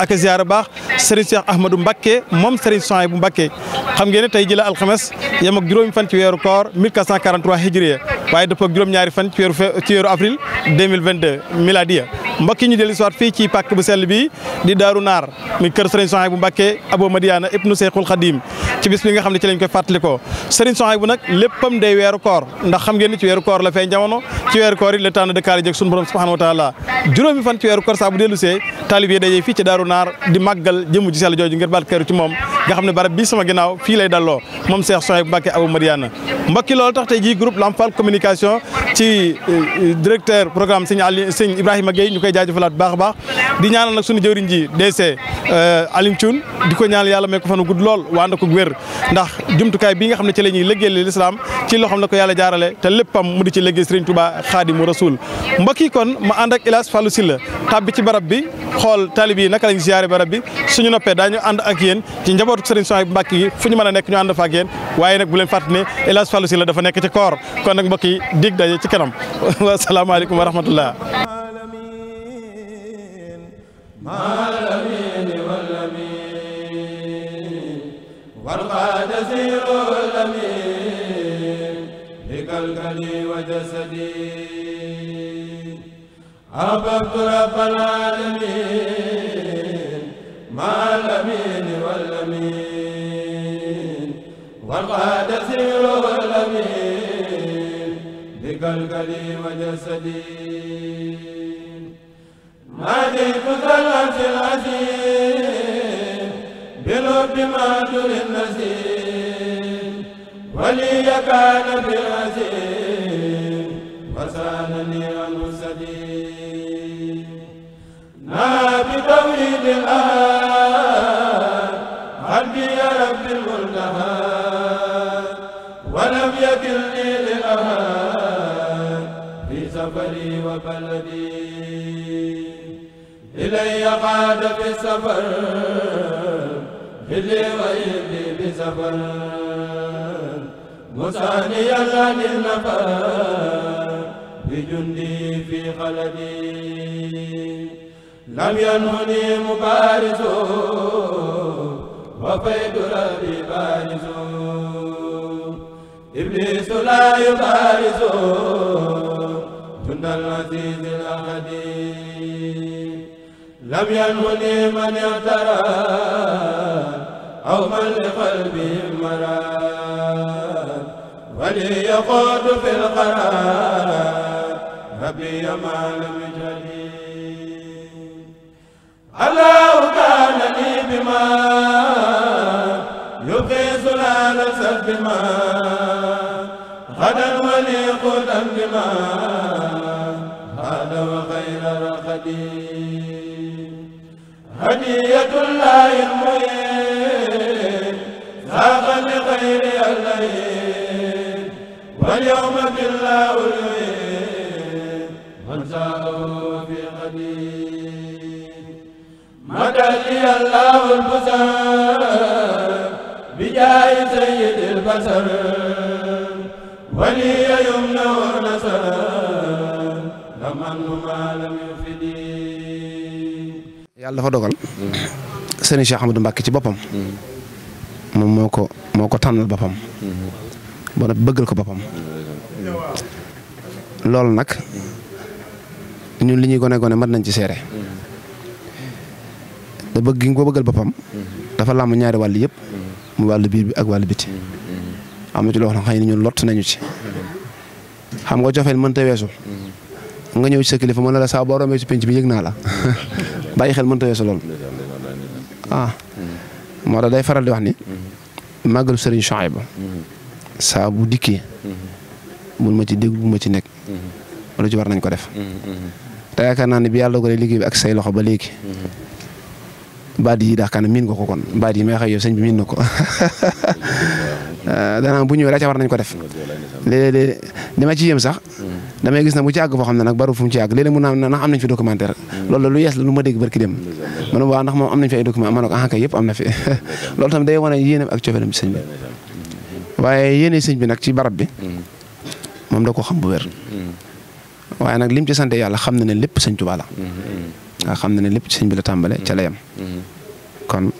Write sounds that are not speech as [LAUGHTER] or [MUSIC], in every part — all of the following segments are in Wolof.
ak ziar baax Serigne Cheikh Ahmadou Mbacké moom Serigne Souhaïbou Mbacké xam ngeen ne tey ji la alxames yem ak juróomi fan ci weeru koor 1443 hijriya waaye dëppoo ak juróom-ñaari fan ci weeru ci weeru avril 2022 miladiya mbokk yi ñu dellu siwaat fii ci pàkk bu sell bi di daaru naar muy kër Serigne Souhaïbou Mbacké Abo Madiana ibnu Seexul Xadim ci bis bi nga xam ne ci lañ ko fàttalikoo Serigne Souhaïbou nag léppam day weeru koor ndax xam ngeen ni ci weeru koor la feeñ jamono ci weeru koor yi la tànn de sunu borom subhanahu wa juróomi fan ci weeru koor saa bu dellusee taalib yi dajee fii ci daaru naar di màggal jëmu ji sell jooju ngir baat keeru nga xam ne barab bii sama ginnaaw fii lay dalloo moom Cheikh Souhaïbou Mbacké Abou Mariana mbokki loolu tax tey jii groupe Lamfal communication ci euh, directeur programme sëñ a baax di ñaanal ji DC euh, Alioune di ko ñaanal yàlla may ko fanu gudd lool waa na ko wér ndax jumtukaay bi nga xam ne ci la ñuy liggéeyal lislaam ci la ko yàlla jaarale te léppam mu di ci liggéey Sëriñ Tuubaa Xaadimu Rasuul mbokki kon ma ànd ak Ilaas Fallou Silla tàbbi ci barab bi xool taalib yi naka lañ ziyaare barab bi suñu noppee daañu ànd ak yéen ci njaboot njabootu Serigne Souhaïbou Mbacké yi fu ñu mën a nekk ñu ànd fa ak yéen waaye nag bu leen fàtte ne El Hadj Fallou ci koor kon nag mbokk yi ci kanam [LAUGHS] wasalaamaaleykum wa كالكلي وجسدي ناديت ذلات العزيز بلب ما دل النزيل ولي كان بالعزيز وسالني المسدي نابي توحيد الأهل سفري وبلدي إلي عاد في سفر هلي ويدي بسفر مساني الله للنفر بجندي في خلدي لم ينهني مبارز وفيد ربي بارز إبليس لا يبارزه جند العزيز الأحدي لم ينهني من اغترى أو من لقلبه مراد ولي يقود في القرار ربي ما لم يجلي الله كان لي بما يبقي سلالة بما غدا ولي قدا بما وخير الخديم هدية الله المعين ذاق لغير الليل واليوم بالله العين من ساءه في قديم مدى لي الله البشر بجاه سيد البشر ولي يمنع النصر yàlla dafa dogal. sëriñ Cheikh Ahmadou Mbacke ci boppam. moom moo ko moo ko tànnal boppam. ba noppi bëggal ko boppam. loolu nag ñun li ñuy gone gone mën nañ ci seere. da bëgg gi ko bëggal boppam. dafa làmm ñaari wàll yëpp. mu wàllu biir bi ak wàllu biti. am na ci loo xam ne ñun lott nañu ci. xam nga cofeel mënta weesu. nga ñëw ci sa kilifa mën na la saa boo romee ci penc bi yëg naa la [LAUGHS] bàyyi xel mënta weesu loolu ah moo tax day faral di wax ni màggalu Serigne Chouaïba saa bu dikkee mun ma ci dégg ma ci nekk lu ci war nañ ko def te yaakaar naa ne bi yàlla dogalee ak say loxo ba léegi baat yi miin ko kon baat yi may xëy bi miin na ko [LAUGHS] ah, danaa bu ñëwee ca war nañ ko def léeg dama ci yem sax damay gis na mu ci àgg foo xam ne nag baru fu mu ci àgg na léeg mu naan ndax am nañ fi documentaire loolu la lu yees la lu ma dégg barki dem ma ne waaw ndax moom am nañ fi ay document ah am na fi [LAUGHS] loolu tam day wane yéenam ak cofeelam ci sëñ waaye yéene sëñ bi nag ci barab bi mm. moom da ko xam bu wér mm. nag lim ci sante yàlla xam na ne lépp sëñ Tuubaa la mm-hmm. Mm-hmm. xam na ne lépp ci sëñ bi la tàmbale ca la yam mm-hmm. kon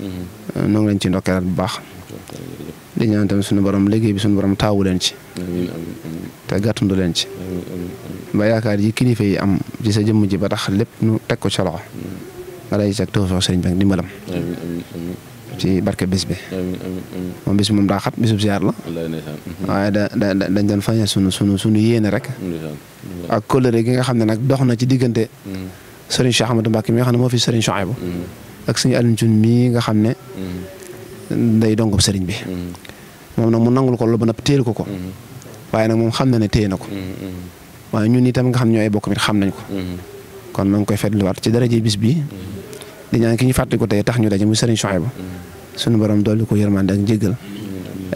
euh, noo ngi leen ci ndokkeelaat bu baax di suñu borom liggéey bi suñu borom taawu leen ci. te gàttandu leen ci. ba yaakaar yi kilifa yi am ci sa jëmm ba tax lépp nu teg ko ca loxo. Mm. nga lay seq tawfeex sëriñ bi ak dimbalam. ci barke bis la. Mm-hmm. waaye da dañ doon fañe sunu sunu sunu yéene rek. ak kóllëre gi nga xam ne nag dox na ci diggante. Mm. sëriñ Cheikh Ahmadou Mbacke mi nga xam ne moo fi sëriñ Chouaïbou mm. ak suñu Alioune Thioune nga xam ne. day dongub sëriñ bi. moom nag mu nangul ko loolu ba noppi ko ko mm-hmm. waaye nag moom xam na ne téye na ko mm-hmm. waaye ñun itam nga xam ñoo ay bokk mit xam nañ ko mm-hmm. kon ma ngi koy fetliwaat ci daraje bis bi di ñaan ki ñu fàttali ko tey tax ñu daje mu sëriñ Soxayba suñu borom dolli ko yërmande ak njéggal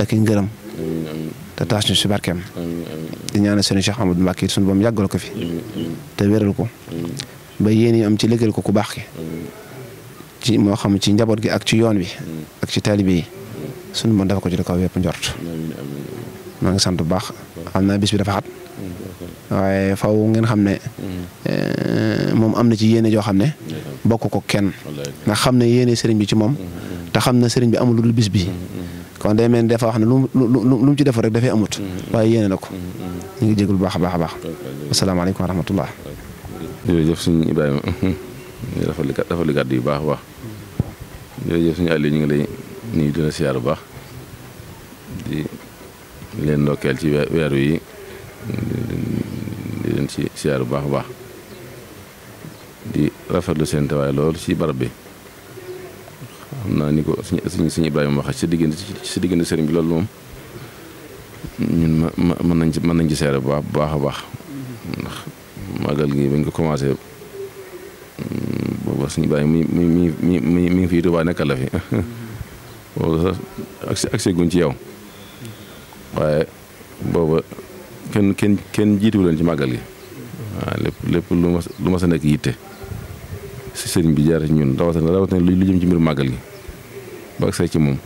ak i ngërëm te taas ñu si barkeem di ñaanal sëriñ Cheikh Amadou Mbacke suñu borom yàggal ko fi te wéral ko ba yéen yi am ci liggéeyal ko ku baax ki ci moo xam ci njaboot gi ak ci yoon wi ak ci taalibe yi suñu moom dafa ko ci lu kaw yëpp njort maa ngi sant bu baax xam na bis bi dafa xat waaye faw ngeen xam ne eh, moom am na ci yéene joo xam ne bokk ko kenn ndax xam ne yéene sëriñ bi ci moom te xam na sëriñ bi amul lu dul bis bi kon day mel ni dafa wax ne lu lu lu mu ci defar rek dafay amut waaye yéene na ko ñu ngi jégul baax a baax a baax asalaamaaleykum wa rahmatullah jërëjëf suñu yu baax a baax jërëjëf ñu ngi lay nuyu dina siyaar bu baax di leen ndokkeel ci weeru yi di leen ci siyaar bu baax a baax di rafet lu seen tawaay loolu ci barab bi xam naa ni ko suñu suñu Ibrahima waxee ci diggante sa diggante sëriñ bi loolu moom ñun ma ma mën nañ ci mën nañ ci seere bu baax baax a baax ndax màggal gi bañ ko commencé mm, booba suñu Ibrahima mi mi mi mi mi ngi fi Tuubaa nekkal la fi. [LAUGHS] wala sax accès guñ ci yow waaye booba kenn kenn kenn jiituwu leen ci màggal gi waaw lépp lépp lu ma lu ma sa nekk yitte si sëriñ bi jaar ci ñun rawatina rawatina lu jëm ci mbiru màggal gi ba accès ci moom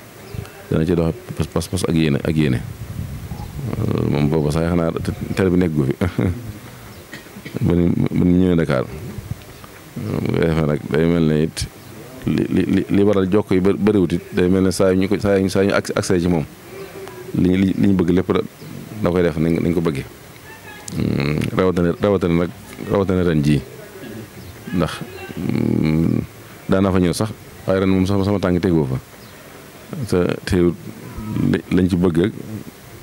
dana ci dox pas pas ak yéene ak yéene moom booba sax xanaa tere bi nekk gu fi [LAUGHS] ba ñu ñëwee Dakar bu ko defee nag day mel ne it. li li li waral jokk yu bëriwut it day mel ne saa yu ñu ko saa yu ñu accès ci moom li ñu li ñu bëgg lépp da koy def nañ ko bëggee mm, rawatina rawatina nag rawatina ren jii ndax mm, daanaa fa ñëw sax waaye ren moom sax sama tànk tegoo fa te teewut lañ ci bëgg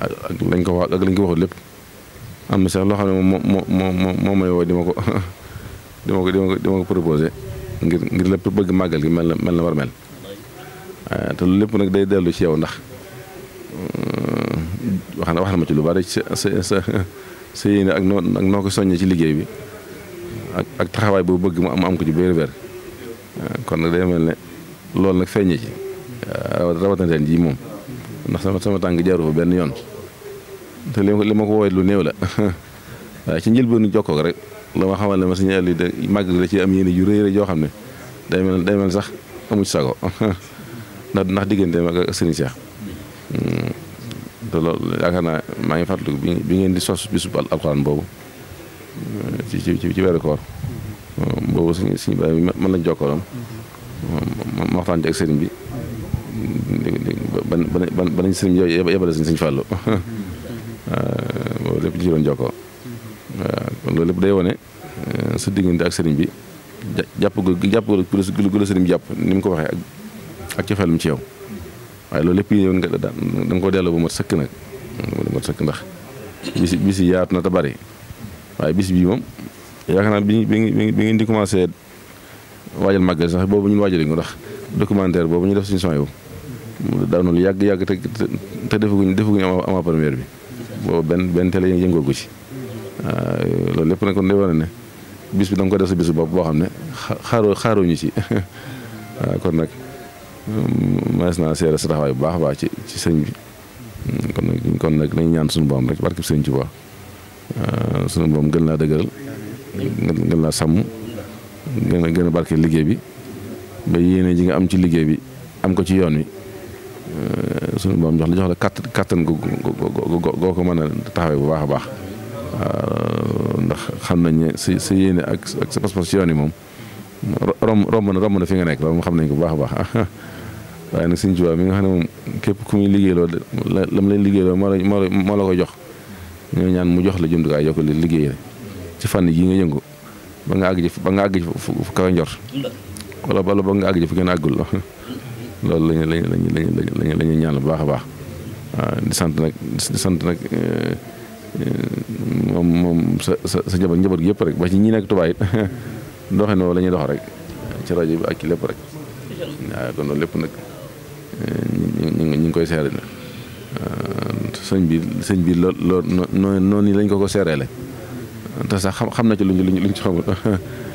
ak ak lañ ko wax ak lañ ko waxut lépp am na sax loo xam ne moom moo moo moo may woo [LAUGHS] di ma ko di ma ko di ma ko proposé. ngir ngir lépp bëgg màggal gi mel na mel na war mel eh, te loolu lépp nag day dellu ci yow ndax mm, wax na wax na ma ci lu bari sa sa ak noo ak noo ko soññee ci liggéey bi ak taxawaay boo bëgg mu am am ko ci biir weer eh, kon nag day mel ne loolu nag feeñee ci eh, rawatina ji moom ndax sama sama tànk jaru fa benn yoon te li ma ko li lu néew la waaye [LAUGHS] ci njëlbeenu jokkoo rek. la ma xamal ne ma Serigne Aliou de màgg la ci am yéene ju rëy rëy joo xam ne day mel day mel sax amu ci sago ndax ndax diggante ma ak Serigne Cheikh te loolu naa maa ngi fàttaliku bi ngeen di sos bisub alxuraan boobu ci ci ci weeru koor boobu suñu suñu bàyyi mën lañ jokkaloon ma waxtaan ci ak sëriñ bi ba ba ba nañ sëriñ yebale sëriñ Fallou waaw lépp ci doon kon loolu lépp day wane euh, sa diggante ak sëriñ bi jàpp ga jàpp ga la sëriñ bi jàpp ni mu ko waxee ak ak cofeelum ci yow waaye loolu lépp yi yoon nga da nga ko delloo ba mat sëkk nag ba mat sëkk ndax bis bis yi yaatu na te bari waaye bis bii moom yaakaar naa bi bi bi ngeen di commencé waajal màggal sax boobu ñun waajal ko ndax documentaire boobu ñu def suñu son yow daaw na lu yàgg yàgg te te defaguñ defaguñ ama première bi boobu benn benn télé yëngoogu ci loolu lépp nag kon day wane ne bis bi da nga ko def sa bisu bopp boo xam ne xaaru xaaruñu ci [LAUGHS] waaw kon nag mm, maes naa seere sa taxawaay bu baax baax ci ci sëñ bi mm, kon nag kon nag nañ ñaan suñu boom rek barkeb sëñ ci baax suñu boom gën laa dëgëral gën laa sàmm gën a gën a barke liggéey bi ba yéene ji nga am ci liggéey bi am ko ci yoon wi suñu boom jox la jox la kàttan kàttan goo ko mën a taxawee bu baax a baax Euh, ndax xam nañ ne sa sa yéene ak ak sa pas-pas ci yoon yi moom romb romb na romb na fi nga nekk loolu moom xam nañ ko bu baax a baax [LAUGHS] waaye nag sëñ Tuubaa mi nga xam ne moom képp ku muy liggéeyloo la mu leen liggéeyloo moo la moo la ko jox ñoo ñaan mu jox la jumtukaay yokk li liggéey ci fànn yi nga yëngu ba nga àgg ji ba nga àgg ji fu kawe njort wala bala ba nga àgg ji fu gën a àggul [LAUGHS] loolu lañu lañu lañu lañu lañu ñaan bu baax a baax waaw di sant nag di sant nag euh, moom moom sa sa sa njaboot njaboot gi yëpp rek ba ci ñi nekk Tuubaa it [LAUGHS] doxin woowu la ñuy dox rek ci rajo bi ak ci lépp rek waaw kon lépp nag eh, ñu ñu ngi koy seere eh, sëñ bi sëñ bi loo loo noo noonu lañ ko ko seereele te sax xam xam na ci lu ci luñ ci xamul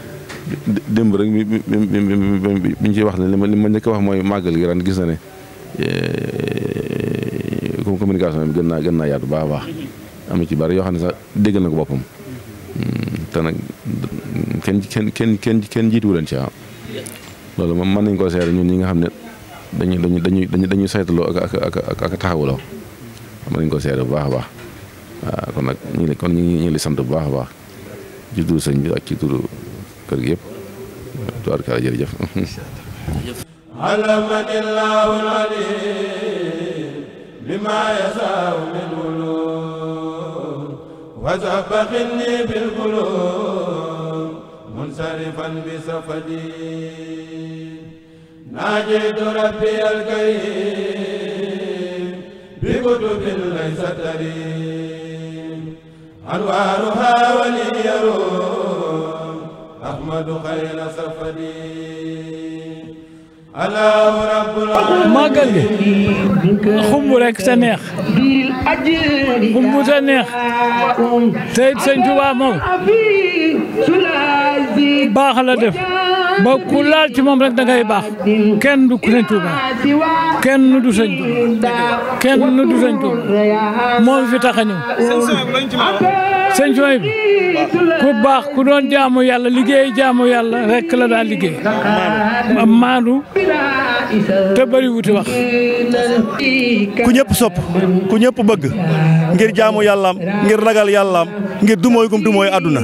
[LAUGHS] démb rek bi bi bi bi ñu ciy wax ne li ma li ma njëkk wax mooy màggal gi ren gis na ne eh, communication bi gën naa gën naa yaatu baax baax. am ci bari yoo xam ne sax déggal na ko boppam te nag ken kenn kenn kenn kenn jiituwu leen ci ah loolu moom mën nañ koo seere ñun ñi nga xam ne dañu dañuy dañuy dañuy dañuy saytaloo ak ak ak ak taxawuloo mën nañ koo seere bu baax a baax waaw kon nag ñu ngi kon ñu ngi sant bu baax a baax ci turu bi ak ci turu kër gi yëpp tuwaat kaala jërëjëf. علمني الله العليم بما يشاء من ولوده وسبخني بالقلوب منصرفا بسفدي ناجيت ربي الكريم بكتب ليس تريم أنوارها ولي يروم أحمد خير سفدي màggal gi xumb rek te neex xumb te neex te it sëñ moom baax la def ba ku laal ci moom rek da ngay baax kenn du sëñ Tuubaa kenn du sëñ Tuubaa du sëñ Tuubaa moom fi tax sëñ Suwayb ku baax ku doon jaamu yàlla liggéey jaamu yàlla rek la daan liggéey maandu te bëri wuti wax ku ñëpp sopp ku ñëpp bëgg ngir jaamu yàllaam ngir ragal yàllaam ngir dumooy gum dumooy àdduna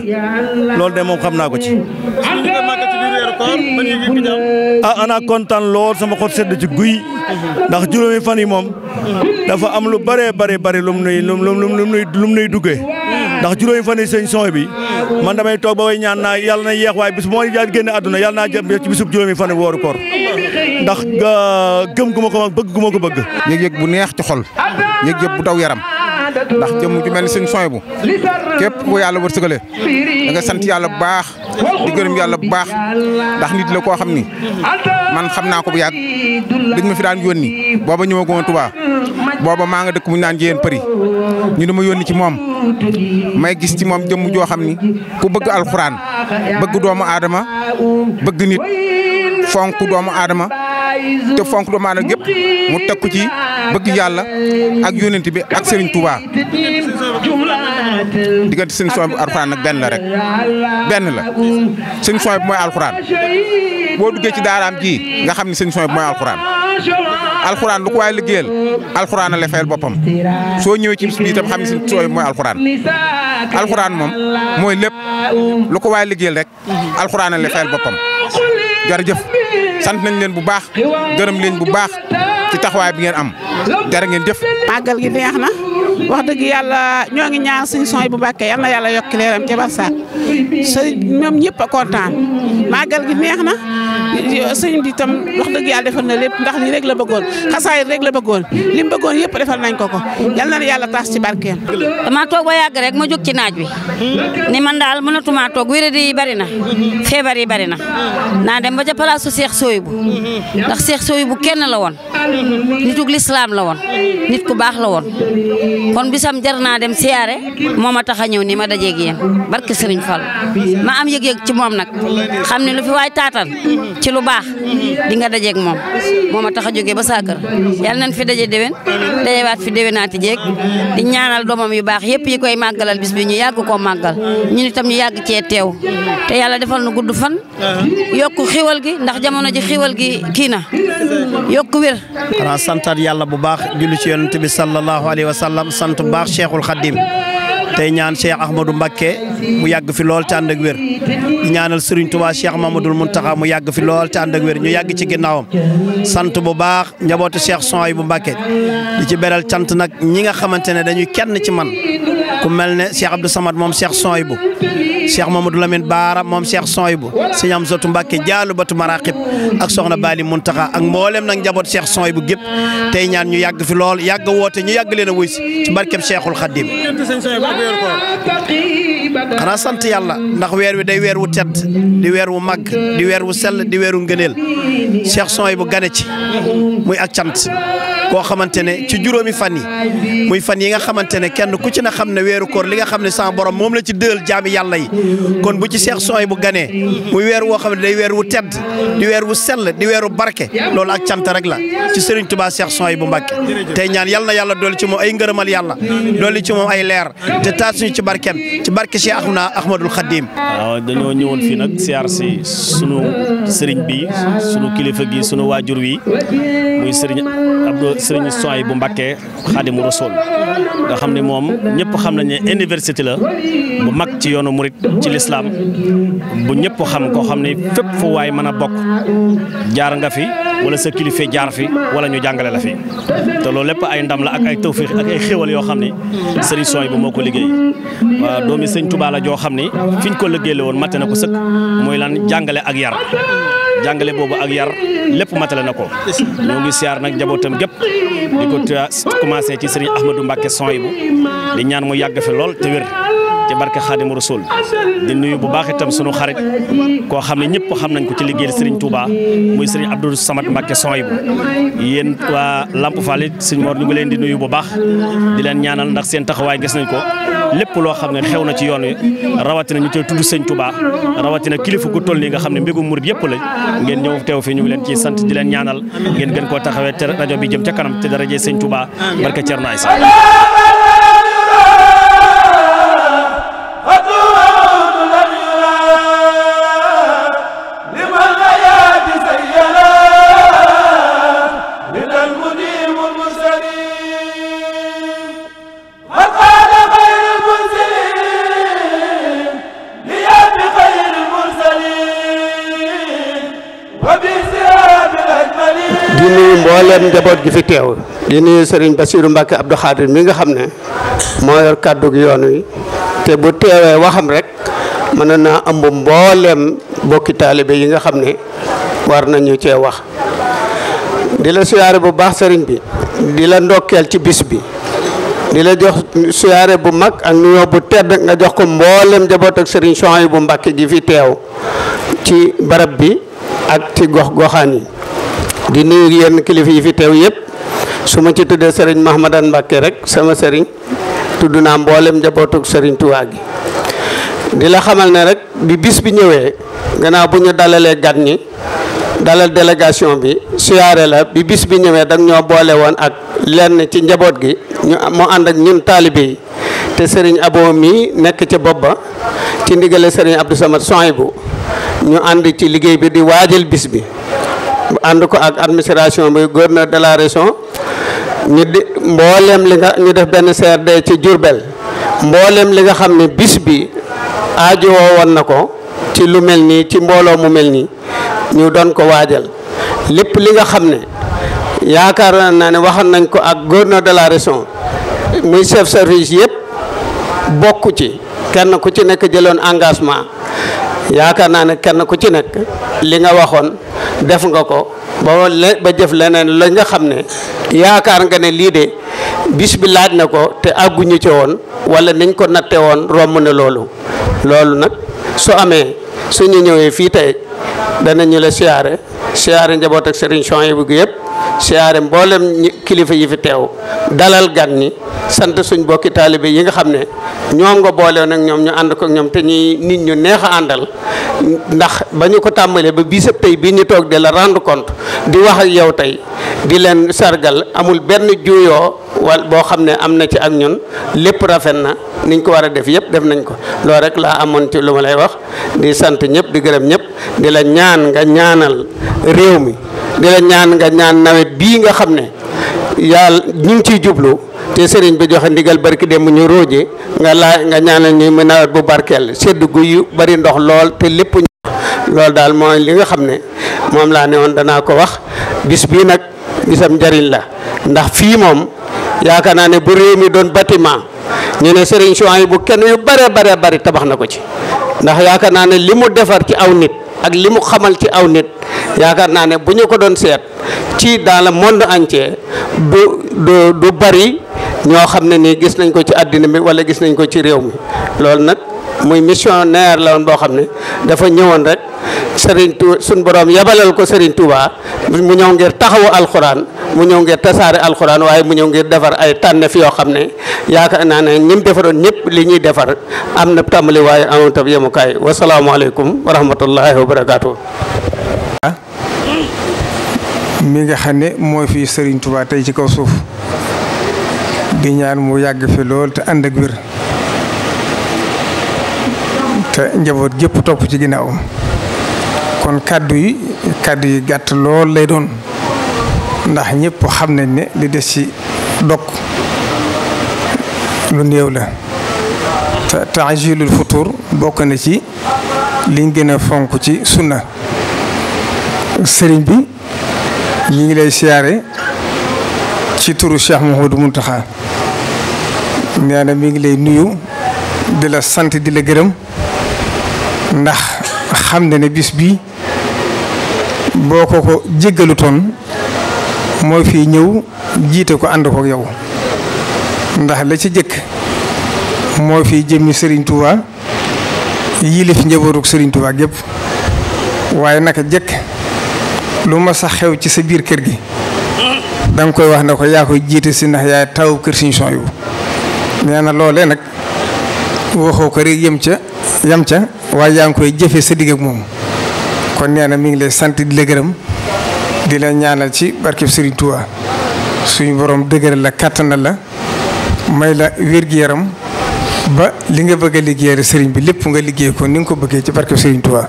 loolu de moom xam naa ko ci a ah, ana kontaan lool sama xol sedd ci guy ndax juróomi fan yi moom dafa am lu bare bare bare lum nuy lum lum lum nuy duggee ndax juróomi fan yi sëñ bi man damay toog ba way ñaan naa yàlla na yeex waaye bis mooy jaar génne àdduna yàlla naa jëm ci bisub juróomi fan yi wooru koor ndax gëm guma ma ko bëgg ko bëgg yëg-yëg bu neex ci xol yëg-yëg bu daw yaram ndax jëmm ju mel ni sëñ sooy bu képp ku yàlla wërsëgale da nga sant yàlla bu baax di gërëm yàlla bu baax ndax nit la koo xam ni man xam naa ko bu yàgg dañ ma fi daan yónni booba ñëw goon Tuubaa booba maa nga dëkk mu naan jiyeen përi ñu dama yónni ci moom may gis ci moom jëmm joo xam ni ku bëgg alxuraan bëgg doomu aadama bëgg nit fonk doomu aadama te fonk doomu aadama gépp mu takku ci bëgg yàlla ak yónent bi ak Serigne Touba diggante Serigne Souhaïbou bu benn la rek benn la mooy alxuraan boo duggee ci daaraam ji nga xam ne Serigne Souhaïbou bu mooy alxuraan alxuraan lu ko waay liggéeyal alxuraan a la boppam soo ñëwee ci bis bi itam xam ne Serigne Souhaïbou bu mooy alxuraan alxuraan moom mooy lépp lu ko waay liggéeyal rek alxuraan a boppam jërëjëf sant nañ leen bu baax gërëm leen bu baax ci taxawaay bi ngeen am jërë ngeen jëf. màggal gi neex na wax dëgg yàlla ñoo ngi ñaar suñu son bu bàkkee yal na yàlla yokk leeram ci barsaak sa ñoom ñëpp a kontaan màggal gi neex na. sëñ bi tam wax dëgg yàlla na lépp ndax lii rek la bëggoon xasaay rek la bëggoon li mu bëggoon yëpp defal nañ ko ko yal na yàlla taas ci barkeem. damaa toog ba yàgg rek ma jóg ci naaj wi ni man daal mënatumaa toog wéradi yi bari na feebar yi bari na naa dem ba ca palaasu Seex Sooyibu ndax Seex Sooyibu kenn la woon nitug lislaam la woon nit ku baax la woon kon bisam jar naa dem siyaare moo ma tax a ñëw ni ma dajeeg yéen barke Sëriñ Fall ma am yëg-yëg ci moom nag xam ne lu fi waay taatan ci lu baax di nga dajeeg moom moo ma tax a jóge ba saa kër yàlla nañ fi daje déwén dajewaat fi déwénaati jeek di ñaanal doomam yu baax yëpp yi koy màggalal bis bi ñu yàgg koo màggal ñun itam ñu yàgg cee teew te yàlla defal nu gudd fan yokk xiwal gi ndax jamono ji xiwal gi kii na yokku wér xanaa santaat yàlla bu baax julli ci yonent bi sallallahu alayhi wa sallam sant bu baax Cheikhul Khadim tey ñaan Cheikh Ahmadou Mbacké mu yàgg fi lool te ànd ak wér di ñaanal Serigne Touba Cheikh mun Mountakha mu yàgg fi lool te ànd ak wér ñu yàgg ci ginnaawam sant bu baax njabootu Cheikh Souhaïbou Mbacké di ci beral cant nag ñi nga xamante ne dañuy kenn ci man ku mel ne Cheikh Abdou Samad moom Cheikh Soyibu Cheikh Mamadou Lamine Baara moom Cheikh Soyibu sëñ am sotu Mbàkke jaalu batu maraqib ak soxna Bali Muntaxa ak mboolem nag njaboot Cheikh bu gépp tey ñaan ñu yàgg fi lool yàgg woote ñu yàgg leen a wuy si ci barkeb Cheikhul Xaddim xanaa sant yàlla ndax weer wi day weer wu tedd di weer wu màgg di weer wu sell di weer wu ngëneel Cheikh Soy bu gane ci muy ak cant koo xamante ne ci juróomi fan yi muy fan yi nga xamante ne kenn ku ci na xam ne weeru koor li nga xam ne sama borom moom la ci dël jaami yàlla yi kon bu ci Cheikh Soy bu ganee muy weer woo xam ne day weer wu tedd di weer wu sel di weeru barke loolu ak cant rek la ci Serigne Touba Cheikh Soy bu Mbàkke tey ñaan yal na yàlla dool ci moom ay ngërëmal yàlla Cheikhuna Ahmadul Khadim. waaw ah, dañoo ñëwoon fii nag siyaar si sunu sëriñ bi sunu kilifa gi sunu waajur wi muy sëriñ Abdou sëriñ Soy bu Mbakke Xaadimu Rasuul nga xam ne moom ñëpp xam nañu ne la bu mag ci yoonu murit ci lislaam bu ñëpp xam koo xam ne fépp fu waay mën a bokk jaar nga fi. wala sa kilifa jaar fi wala ñu jàngale la fi te loolu lépp ay ndam la ak ay tawféex ak ay xéwal yoo xam ne sëriñ sooy bu moo ko liggéey waaw doomi sëñ tubaala joo xam ni fi ñu ko liggéey la woon matte na ko sëkk mooy lan jàngale ak yar jàngale boobu ak yar lépp matale na ko ñoo ngi siyaar nag jabootam gépp di ko commencé ci sëriñ Ahmadou Mbacke bu di ñaan mu yàgg fi lool te wér ci barke Xaadimu Rasuul di nuyu bu baax itam sunu xarit koo xam ne ñëpp xam nañ ko ci liggéey liggéeyal Serigne Touba muy Serigne Abdou Samad Mbacke Soyibu yéen waa Lamp faal it Serigne Mor ñu ngi leen di nuyu bu baax di leen ñaanal ndax seen taxawaay gis nañ ko lépp loo xam ne xew na ci yoon rawatina ñu cay tudd Serigne Touba rawatina kilifa gu toll nii nga xam ne mbégum murid yëpp la ngeen ñëw teew fi ñu ngi leen ci sant di leen ñaanal ngeen gën koo taxawee te rajo bi jëm ca kanam te daraje Serigne Touba barke Thierno Aïssa mbooleem njaboot gi fi teew di nuyu Serigne Bassirou Mbacke Abdou Khadir mi nga xam ne moo kàddu gi yoon wi te bu teewee waxam rek mën naa ëmb mbooleem bokki taalibe yi nga xam ne war nañu cee wax di la siyaare bu baax sëriñ bi di la ndokkeel ci bis bi di la jox siyaare bu mag ak nuyoo bu tedd nga jox ko mboolem jaboot ak sëriñ Souhaïbou bu Mbàkke gi fi teew ci barab bi ak ci gox goxaan yi di nuyu yenn kilifa yi fi teew yëpp su ma ci tuddee Serigne Mahmadan Mbacke rek sama sëriñ tudd naa mboolem njabootug sëriñ tuwaa gi. di la xamal ne rek bi bis bi ñëwee gannaaw bu ñu dalalee gan ñi dalal délégation bi siyaare la bi bis bi ñëwee dag ñoo boole woon ak lenn ci njaboot gi ñu moo ànd ak ñun taalibe te Serigne Abo mi nekk ca bopp ba ci ndigale Serigne Abdou Samad Sohaibou ñu ànd ci liggéey bi di waajal bis bi ànd ko ak administration bi gouverneur de la région ñu di mboolem li nga ñu def benn CRD ci Diourbel mboolem li nga xam ne bis bi aajowoo woon na ko ci lu mel nii ci mbooloo mu mel nii ñu doon ko waajal lépp li nga xam ne yaakaar naa ne waxoon nañ ko ak gouverneur de la région muy service yëpp bokk ci kenn ku ci nekk jëloon engagement yaakaar naa ne kenn ku ci nekk li nga waxoon def nga ko ba ba jëf leneen la nga xam ne yaakaar nga ne lii de bis bi laaj na ko te àgguñu ci woon wala niñ ko nattee woon romb na loolu loolu nag su amee suñu ñëwee fii tey ñu la siyaare siyaare njaboot ak sëriñ Souhaïbou gi yëpp siyaare mboolem kilifa yi fi teew dalal gan ñi sant suñ bokki taalibe yi nga xam ne ñoom nga boole nag ñoom ñu ànd ko ñoom te ñuy nit ñu neex a àndal ndax ba ñu ko tàmbalee ba bii sëb tey bii ñu toog de la rendre compte di wax ak yow tey di leen sargal amul benn juyoo wal boo xam ne am na ci ak ñun lépp rafet na niñ ko war a def yëpp def nañ ko loolu rek laa amoon ci lu ma lay wax di sant ñëpp di gërëm ñëpp di la ñaan nga ñaanal réew mi di la ñaan nga ñaan nawet bii nga xam ne yàlla ñu ngi ciy jublu te sëriñ bi joxe ndigal barki dem ñu rooje nga laaj nga ñaanal ñu mu nawet bu barkeel sedd guy bari ndox lool te lépp loolu daal mooy li nga xam ne moom laa ne woon danaa ko wax gis bii nag gisam njariñ la ndax fii moom yaakaar naa ne bu réew mi doon bâtiment ñu ne sëriñ Souhaïbou bu kenn yu bare bare bari tabax na ko ci ndax yaakaar naa ne li mu defar ci aw ak li mu xamal ci aw nit yaakaar naa ne bu ñu ko doon seet ci dans le monde entier du du bari ñoo xam ne ni gis nañ ko ci àddina bi wala gis nañ ko ci réew mi loolu nag muy mission missionnaire la woon boo xam ne dafa ñëwoon rek Serigne Touba suñ borom yabalal ko Serigne tubaa mu ñëw ngir taxawu alxuraan mu ñëw ngir tasaare alxuraan waaye mu ñëw ngir defar ay tànneef yoo xam ne yaakaar naa ne ñim defaroon ñëpp li ñuy defar am na tàmbali waaye amoon tam yemukaay wasalaamaaleykum wa rahmatullahi wa barakaatu. mi nga xam ne mooy fii Serigne tubaa tey ci kaw suuf di ñaan mu yàgg fi lool te ànd ak wér. te njaboot gépp topp ci ginnaaw kon kàddu yi kàddu yi gàtt lool lay doon ndax ñëpp xam nañ ne li des ci dokk lu néew la te taajilul futur bokk na ci liñ gën a fonk ci sunna sëriñ bi ñi ngi lay siyaare ci turu Cheikh Mouhamadou Mountakha nee na mi ngi lay nuyu di la sant di la gërëm ndax xam na ne bis bi boo ko ko jéggalutoon mooy fii ñëw jiite ko ànd ko yow ndax la ci jëkk mooy fii jëmmi Serigne Touba yilif njaboorug Serigne Touba gépp waaye naka jëkk lu ma sax xew ci sa biir kër gi danga koy wax ne ko yaa koy jiite si ndax yaay taw kër Serigne Souhaïbou nee na loolee nag waxoo ko rek yem ca yam ca waa yaa ngi koy jëfe sa digg ak moom kon nee na mi ngi lay sant di la gërëm di la ñaanal ci barkeb Serigne Touba suñu borom dëgëral la kàttanal la may la wér-gu-yaram ba li nga bëgg a liggéeyal Serigne bi lépp nga liggéey ko ni nga ko bëggee ci barkeb Serigne Touba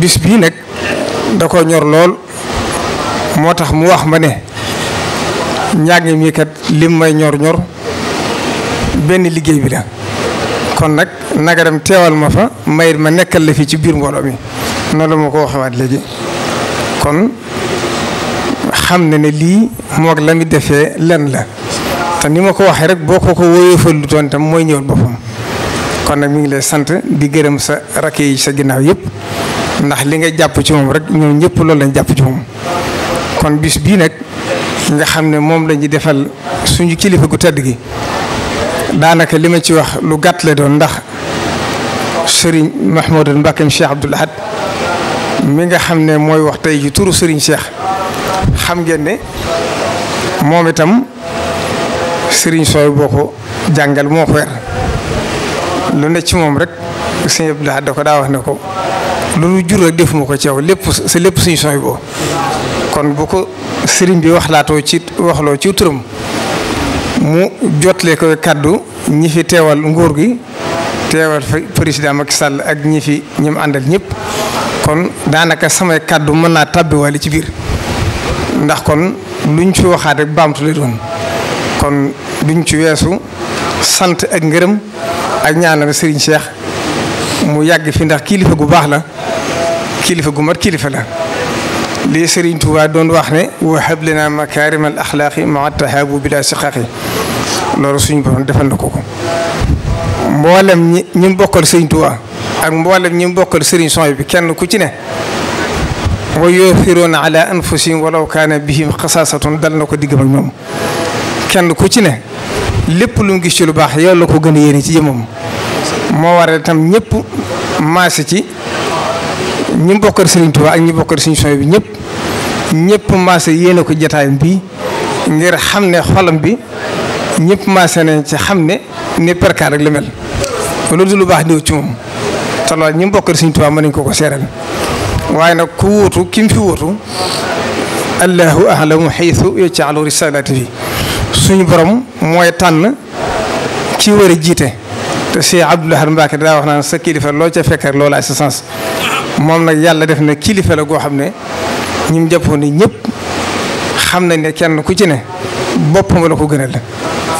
bis bii nekk da ko ñor lool moo tax mu wax ma ne ñaag mi kat lim may ñor-ñor benn liggéey bi la. kon nag naga dem teewal ma fa may ma nekkal la fii ci biir mbooloo mi noonu la ma ko waxewaat léegi kon xam na ne lii moog la mi defee lenn la te ni ma ko waxee rek boo ko ko wóoyofal lu doon tam mooy ñëwal boppam kon nag mi ngi lay sant di gërëm sa rakk yi sa ginnaaw yëpp ndax li nga jàpp ci moom rek ñoom ñëpp loolu lañ jàpp ci moom kon bis bii nag nga xam ne moom lañuy defal suñu kilifa ku tedd gi daanaka li ma ci wax lu gàtt la doon ndax sëriñ Mahmoud Mbakkeem Cheikh Abdoul Ahad mi nga xam ne mooy wax tey ji turu sëriñ seex xam ngeen ne moom itam sëriñ sooy boo ko jàngal moo ko lu ne ci moom rek sëriñ Abdoul Ahad da ko daa wax ne ko loolu jur rek defuma ko ci yow lépp sa lépp suñu sooy boo kon bu ko sëriñ bi waxlaatoo ci waxloo ci turam. mu jotle ko kàddu ñi fi teewal nguur gi teewal fi président Macky sàll ak ñi fi ñi mu àndal ñëpp kon daanaka samay kàddu mën naa tàbbiwaale ci biir ndax kon luñ ci waxaat rek baamtu lay doon kon duñ ci weesu sant ak ngërëm ak ñaanal Serigne Cheikh mu yàgg fi ndax kilifa gu baax la kilifa gu mat kilifa la. li Serigne Touba doon wax ne wahab lana makaarimal axlaaqi maa tahaabu bila siqaaqi loolu suñu borom defal na ko ko mboolem ñi bokkal Serigne ak mboolem ñi bokkal Serigne Son bi kenn ku ci ne wa yu'thiruuna ala anfusihim walaw kaana bihim xasaasatun dal na ko diggam ak ñoom kenn ku ci ne lépp lu gis ci lu baax yow la ko gën a yéene ci jëmmam moo waral itam ñëpp maase ci ñi mu bokkal Serigne Touba ak ñi bokkal Serigne Souhaïbou bi ñëpp ñëpp maase yéene ko jataayam bi ngir xam ne xolam bi ñëpp maase nañ ci xam ne ne perkaar rek li mel loolu lu baax néew ci moom te loolu ñi mu bokkal Serigne nañ ko ko seeral waaye nag ku wóotu ki mu fi wóotu allahu ahlamu xaytu yajcalu risalaati fi suñu borom mooy tànn ki war a jiite te Cheikh Abdoul Ahad Mbacké daa wax naan sa kilifa loo ca fekk rek loolu ay sa sens moom nag yàlla def na kilifa la goo xam ne ñi mu jàppoon ni ñëpp xam nañ ne kenn ku ci ne boppam la ko gënal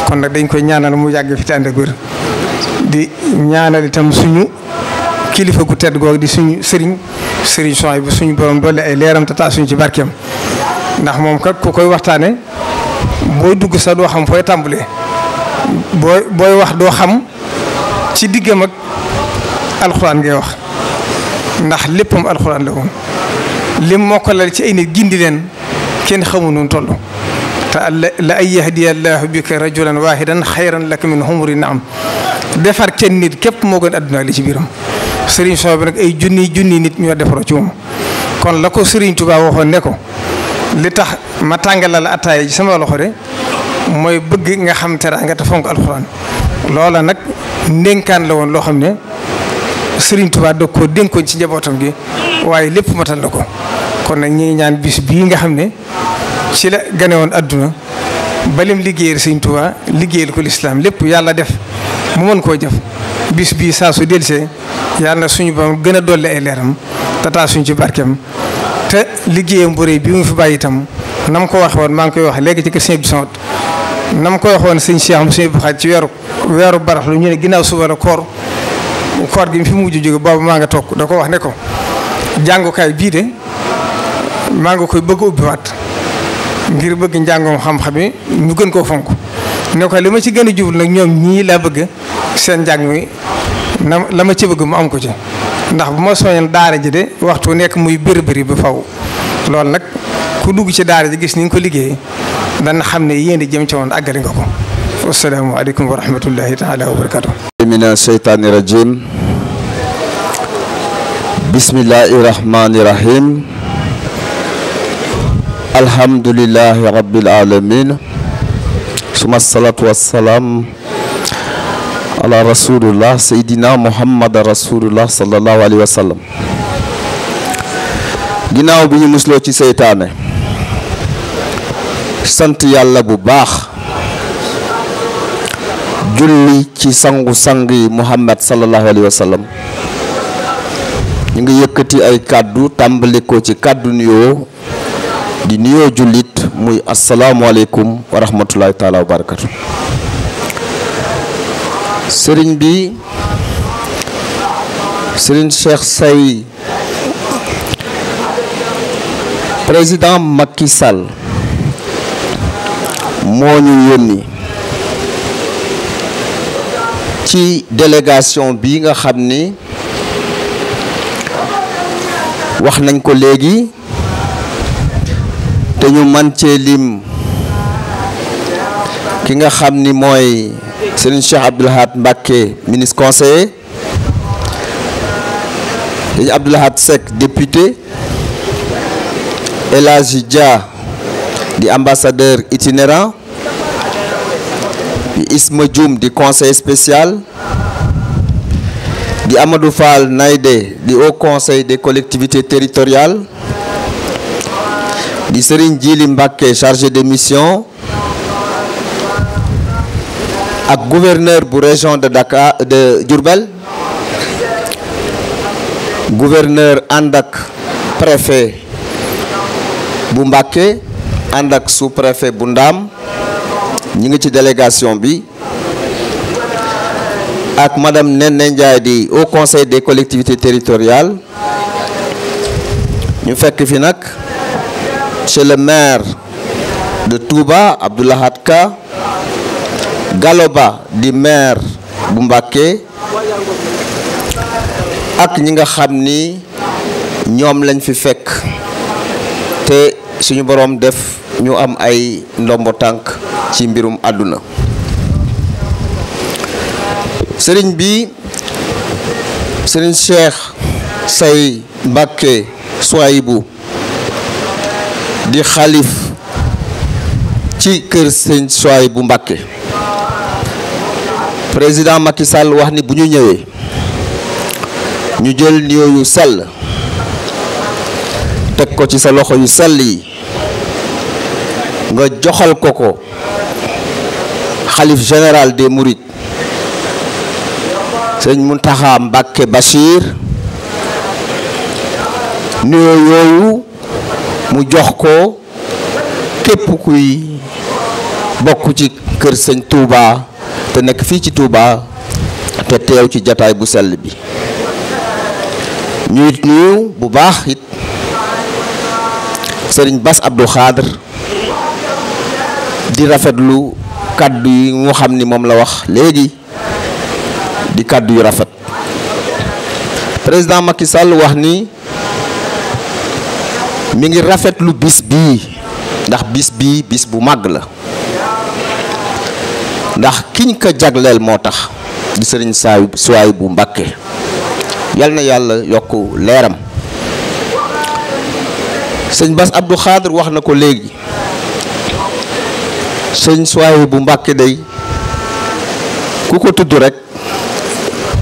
kon nag dañ koy ñaanal mu yàgg fi te ànd ak wér di ñaanal itam suñu kilifa gu tedd googu di suñu sëriñ sëriñ soxna bi suñu borom doole ay leeram te taas suñu ci barkeem ndax moom kat ku koy waxtaane booy dugg sax doo xam fooy tàmbalee booy booy wax doo xam ci diggam ak alxuraan ngay wax. ndax léppam alxuraan la woon lim mokkalal ci ay nit gindi leen kenn xamu nu toll te la ay yahdiya allahu bika rajulan wahidan xayran laka min humri am defar kenn nit képp moo gën àdduna li ci biiram sëriñ soo bi nag ay junni junni nit ñoo defaroo ci moom kon la ko sëriñ Tuubaa waxoon ne ko li tax ma tàngalal ataaya ji sama loxo de mooy bëgg nga xam teraanga te fonk alxuraan loola nag ndénkaan la woon loo xam ne Serigne Touba da koo dénkoon ci njabootam gi waaye lépp matal na ko kon nag ñi ñaan bis bii nga xam ne ci la gane woon adduna balim liggéeyal Serigne Touba liggéeyal ko lislaam lépp yàlla def mu mën koo jëf bis bii saa su delsee yàlla na suñu bam gën a dolli ay leeram tataa suñ ci barkeem te liggéeyam bu rëy bi mu fi bàyyi tam na ko wax woon maa ngi koy wax léegi ci kër Serigne Abdou Samad na mu ko wax woon sëñ Cheikh Moussa Ibou Khad ci weeru weeru barax lu ñu ginnaaw suba koor koor gi fi mu mujj jóge boobu maa nga toog da ko wax ne ko jàngukaay bii de maa nga koy bëgg a ubbiwaat ngir bëgg njàngoom xam-xam yi ñu gën koo fonk ne ko li ma ci gën a jublu nag ñoom ñii laa bëgg seen njàng mi na la ma ci bëgg mu am ko ci ndax bu ma soñal daara ji de waxtu nekk muy bëri bëri ba faw loolu nag ku dugg ci daara ji gis ni nga ko liggéey dana xam ne yéen jëm ci woon àggali nga ko. wassalaamu aleykum wa rahmatullahi taala wa barakatu min asheytaani rajim bismillahi rahmaani rahim alhamdulillahi rabbil alamin suma salaatu wassalaam ala rasulullah seydina muhammad rasulullah sallallahu alayhi wa sallam ginnaaw bi ñu musloo ci seytaane sant bu baax julli ci sangu sang yi muhammad sallallahu alayhi wa ñu ngi yëkkati ay kàddu tàmbali ko ci kàddu nuyoo di nuyoo jullit muy asalaamualeykum wa rahmatullahi taala wa barakatu sëriñ bi sëriñ Cheikh Say président Macky Sall moo ñu yónni ci délégation bi nga xam ni wax nañ ko léegi te ñu man cee lim ki nga xam ni mooy Serigne Cheikh Abdoul Ahad Mbacké ministre conseiller Serigne Abdoul Ahad député El Hadji Dia di ambassadeur itinérant Isma Dioum di conseil spécial di Amadou fal Naïdé di haut conseil des collectivité territoriales di Serigne Djili Mbacké chargé de mission ak gouverneur bu région de Dakar de Diourbel gouverneur ànd ak préfet bu Mbacké ànd sous-préfet bu Ndaam ñu ngi ci délégation bi ak madame Néné di Haut Conseil des collectivités territoriales ñu fekk fi nag monsieur le maire de Touba Abdou Lahad Ka Gallo di maire bu Mbacké ak ñi nga xam ni ñoom lañ fi fekk te suñu boroom def ñu am ay ndombo tànk ci mbirum àdduna sëriñ bi sëriñ Cheikh Say Mbàkke bu di xalif ci kër sëriñ bu Mbàkke président Macky Sall wax ni bu ñu ñëwee ñu jël nuyoo yu sell teg ko ci sa loxo yu sell yi nga joxal ko ko xalif général de murit sëñ Muntaxa Mbàkke Basiir nuyoo yooyu mu jox ko képp kuy bokk ci kër sëñ Touba te nekk fii ci Touba te teew ci jataay bu sell bi ñuy nuyu bu baax it sëriñ Bass Abdou Khadre di rafetlu kàddu yi mu xam ni moom la wax léegi di kàddu yu rafet président Macky Sall wax ni mu ngi rafetlu bis bii ndax bis bii bis bu màgg la ndax kiñ ko jagleel moo tax di sëriñ saay suwaay bu Mbàkke yal na yàlla yokk leeram sëñ bas Abdou Khadre wax na ko léegi sëñ Suwaybu bu Mbàkke day ku ko tudd rekk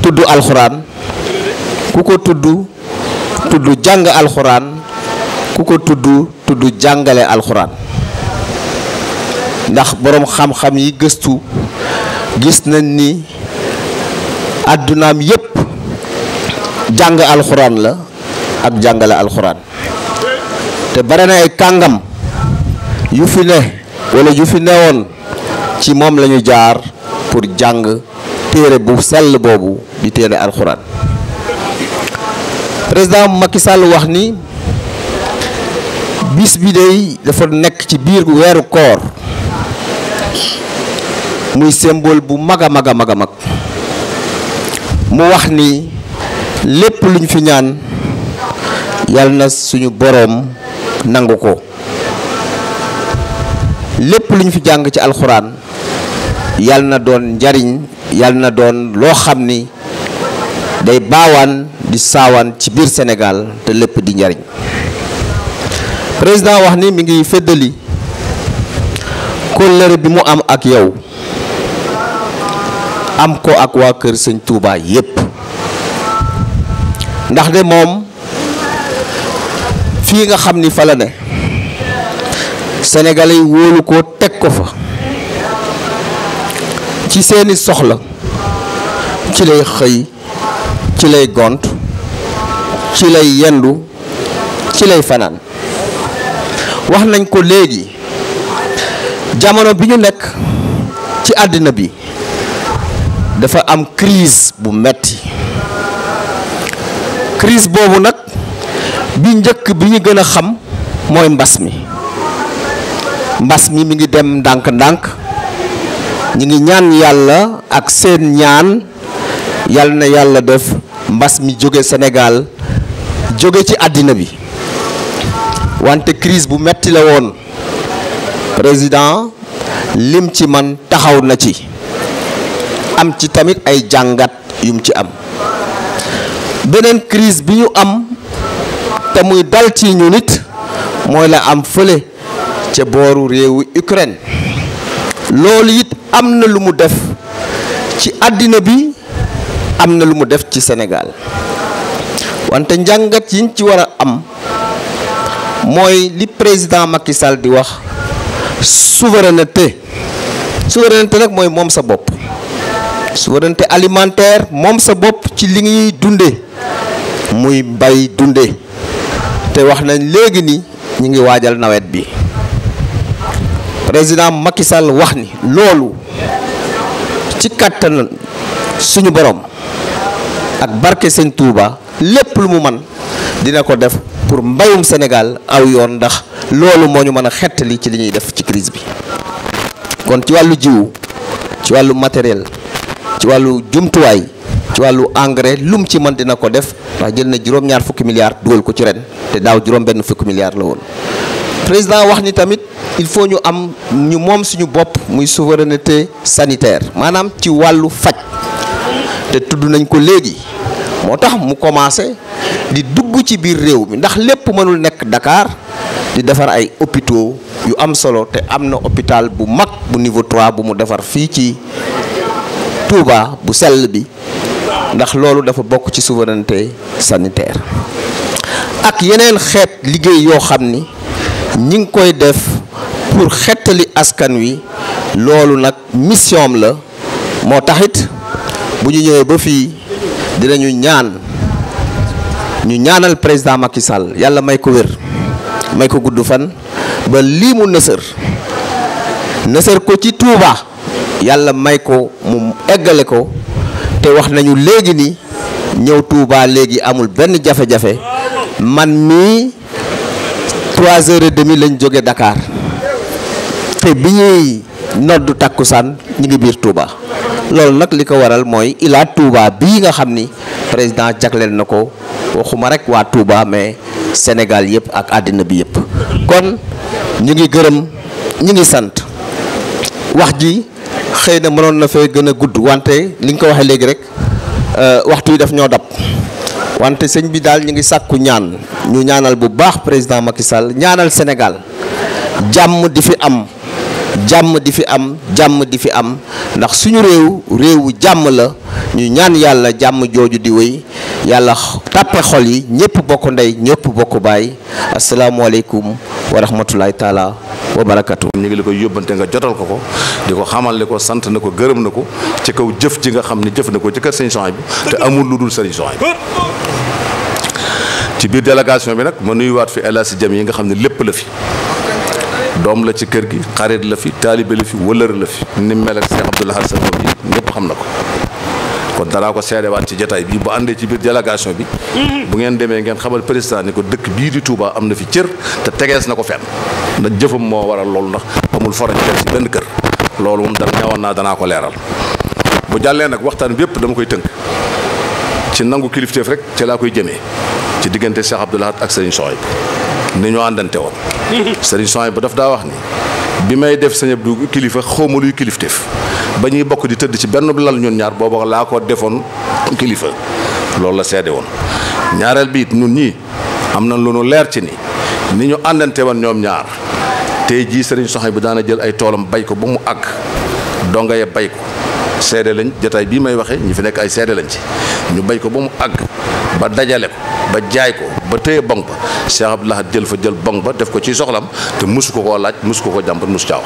tudd alxuraan ku ko tudd tudd jàng alxuraan ku ko tudd tudd jàngale alxuraan ndax boroom xam-xam yi gëstu gis nañ ni àddunaam yépp jàng alxuraan la ak jàngale alxuraan te bare na ay kàngam yu fi ne wala ju fi newoon ci moom lañu jaar pour jàng téere bu sell boobu di téere alxuraan président Macky sàll wax ni bis bi dey dafa nekk ci biir weeru koor muy symbole bu mag a mag a mag a mag mu wax ni lépp lu ñu fi ñaan yal na suñu boroom nangu ko lépp lu ñu fi jàng ci alxuraan yal na doon njariñ yal na doon loo xam ni day baawaan di saawaan ci biir senegaal te lépp di njariñ président wax ni mi ngi féddali kóllëre bi mu am ak yow am ko ak waa kër sëñ Touba yépp ndax de moom fii nga xam ni fala ne senegal yi wóolu ko teg ko fa ci seeni soxla ci lay xëy ci lay gont ci lay yendu ci lay fanaan wax nañ ko léegi jamono bi ñu nekk ci àddina bi dafa am crise bu metti crise boobu nag bi njëkk bi ñu gën a xam mooy mbas mi mbas mi mi ngi dem ndànk-ndànk ñi ngi ñaan yàlla ak seen ñaan yàlla na yàlla def mbas mi jóge senegaal jóge ci àddina bi wante crise bu metti la woon président lim ci man taxaw na ci am ci tamit ay jàngat yum ci am beneen crise bi ñu am te muy dal ci ñu nit mooy la am fële ce booru réewu Ukraine loolu it am na lu mu def ci àddina bi am na lu mu def ci Sénégal wante njàngat yiñ ci war a am mooy li président Macky Sall di wax souveraineté souveraineté nag mooy moom sa bopp souveraineté alimentaire moom sa bopp ci li ñuy dunde muy bay dunde te wax nañ léegi ni ñu ngi waajal nawet bi président Macky Sall wax ni loolu ci kàttan suñu borom ak barke sëñ Touba lépp lu mu man dina ko def pour mbayum Sénégal aw yoon ndax loolu moo ñu mën a xettali ci li ñuy def ci crise bi kon ci wàllu jiw ci wàllu matériel ci wàllu jumtuwaay ci wàllu engrais lum ci mën dina ko def ndax jël na juróom-ñaar fukki milliards dugal ko ci ren te daaw juróom benn fukki milliards la woon président wax ni tamit il faut ñu am ñu moom suñu bopp muy souveraineté sanitaire maanaam ci wàllu faj te tudd nañ ko léegi moo tax mu commencé di dugg ci biir réew mi ndax lépp mënul nekk dakaar di defar ay hôpitaux yu am solo te am na hôpital bu mag bu niveau troit bu mu defar fii ci Touba bu sell bi ndax loolu dafa bokk ci souveraineté sanitaire ak yeneen xeet liggéey yoo xam ni ñi ngi koy def pour xettali askan wi loolu nag mission la moo taxit bu ñu ñëwee ba fii dinañu ñaan ñu ñaanal président Macky Sall yàlla may ko wér may ko gudd fan ba lii mu nësër nësër ko ci Touba yàlla may ko mu eggale ko te wax nañu léegi ni ñëw Touba léegi amul benn jafe-jafe man mii trois heures de mil lañ jóge dakaar te bi ñuy noddu takkusaan ñu ngi biir Touba loolu nag li ko waral mooy Ila Touba bii nga xam ni président jagleel na ko waxuma rek waa Touba mais Sénégal yëpp ak àddina bi yëpp kon ñu ngi gërëm ñu ngi sant wax ji xëy na mënoon na fee gën a gudd wante li nga ko waxee léegi rek euh, waxtu yi daf ñoo dab wante sëñ bi daal ñu ngi sàkku ñaan ñu ñaanal bu baax président Macky Sall ñaanal Sénégal jàmm di fi am jàmm di fi am jàmm di fi am ndax suñu réew réewu jàmm la ñu ñaan yàlla jàmm jooju di wéy yàlla tàppe xol yi ñëpp bokk ndey ñëpp bokk baay asalaamualeykum wa rahmatulahi taala wa ñu ngi la koy yóbbante nga jotal ko ko di ko xamal li ko sant na ko gërëm na ko ci kaw jëf ji nga xam ne jëf na ko ci kër sëñ Souhaïbou bi te amul lu dul sëriñ Souhaïbou ci biir délégation bi nag ma nuyuwaat fi El si Jam yi nga xam ne lépp la fi doom la ci kër gi xarit la fi taalibe la fi wëlër la fi ni mel ak Cheikh Abdoul Ahad Sy ñëpp xam na ko kon danaa ko seedewaat ci jotaay bi bu àndee ci biir délégation bi mm-hmm. bu ngeen demee ngeen xamal président ni ko dëkk bii di Touba am na fi cër te tegees na ko fen ndax jëfam moo waral loolu ndax amul frontière ci benn kër loolu moom dal ñawoon naa danaa ko leeral bu jàllee nag waxtaan bi yëpp dama koy tënk ci nangu kilifteef rek ci laa koy jëmee ci diggante Cheikh Abdou Lahad ak Serigne Souhaïbou ni ñoo àndante woon mm-hmm. Serigne bu daf daa wax ni bi may def Serigne Abdou kilifa xawma luy kilifteef ba ñuy bokk di tëdd ci benn lal ñun ñaar booba laa ko defoon kilifa loolu la seede woon ñaareel biit it ñun ñii am na lu nu leer ci ni ni ñu àndante woon ñoom ñaar tey jii sëriñ soxna bi daana jël ay toolam bay ko ba mu àgg donga ya bay ko seede lañ jataay bii may waxee ñu fi nekk ay seede lañ ci ñu bay ko ba mu àgg ba dajale ko ba jaay ko ba téye bonk ba Cheikh Abdoulaye jël fa jël bong ba def ko ciy soxlam te musu ko koo laaj musu ko ko jàmbat musu caaw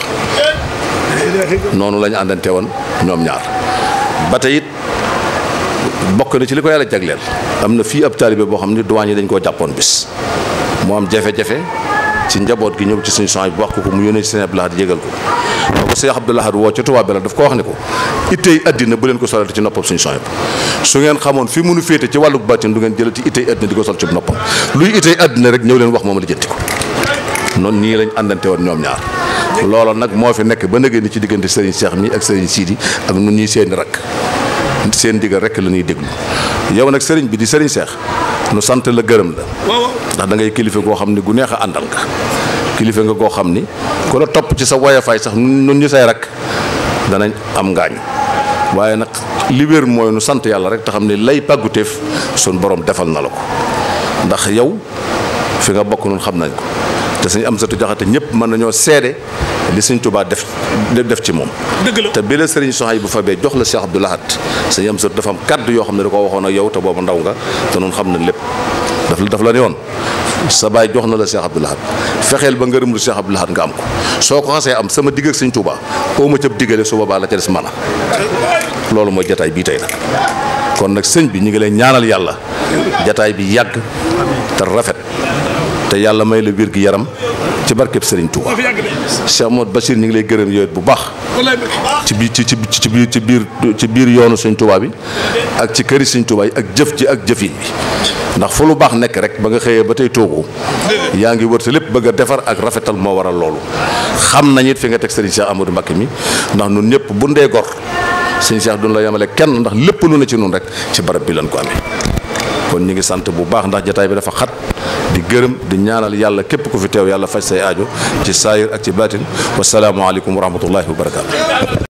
noonu lañu àndante woon ñoom ñaar ba tey it bokk na ci li ko yàlla jagleel am na fii ab taalibe boo xam ni duwaañ yi dañ koo jàppoon bis mu am jafe-jafe ci njaboot gi ñëw ci suñu change bu wax mu yónnee ci seen Abdoul Ahad ko boo ko Cheikh Abdoul Ahad woo ca Touba ko wax ne ko ittey àddina bu leen ko solal ci noppam suñu change su ngeen xamoon fi mënu féete ci wàllu bàtin du ngeen jëlati ittey àddina di ko sol ci noppam luy rek ñëw leen wax moom la jënti ko noonu nii lañ àndante woon ñoom ñaar looloo nag moo fi nekk ba nëgë ni ci diggante Serigne seex mi ak Serigne Sidi ak nu ñuy seeni rakk seen digal rek la ñuy déglu yow nag sëriñ bi di sëriñ seex nu sant la gërëm la. ndax dangay ngay kilifa goo xam ne gu neex a kilifa nga goo xam ni ku la topp ci sa woyofaay sax nun ñu say rakk danañ am ngaañu waaye nag li wér mooy nu sant yàlla rek te xam ne lay pàgguteef suñ borom defal na la ko ndax yow fi nga bokk noonu xam nañ ko te suñu am satu jaxate ñëpp mën nañoo seede li sëñ Tuubaa def def ci moom te bi la sëriñ Souhaïbou Fabe jox la Cheikh Abdou Lahad sëñ am sot dafa am kàddu yoo xam ne da ko waxoon a yow te boobu ndaw nga te noonu xam nañ lépp daf la daf la ne woon sa baay jox na la Cheikh Abdou Lahad fexeel ba ngërëm lu Cheikh Abdou Lahad nga am ko soo ko xasee am sama digg ak sëñ Tuubaa koo ma cëb diggale su boobaa la ca des man a loolu mooy jataay bii tey nag kon nag sëñ bi ñu ngi leen ñaanal yàlla jataay bi yàgg te rafet te yàlla may la wér gi yaram ci barkeb Serigne Touba Cheikh Modou Bachir ñu ngi lay gërëm yooyu bu baax ci biir ci ci biir ci biir ci biir yoonu Serigne Touba yi ak ci këri Serigne Touba yi ak jëf ji ak jëfin yi ndax fu lu baax nekk rek ba nga xëyee ba tey toogu yaa ngi wër sa lépp bëgg a defar ak rafetal moo waral loolu xam nañ it fi nga teg Serigne Cheikh Amadou Mbacké mi ndax ñëpp bu ndee gor Serigne Cheikh duñ kenn ndax lépp lu ne ci nun rek ci barab bi lañ ko amee kon ñu ngi sant bu baax ndax jataay bi dafa xat di gërëm di ñaanal yàlla képp ku fi teew yàlla faj say aajo ci saayir ak ci baatin wasalaamualeykum wa rahmatullahi wa barakaatu.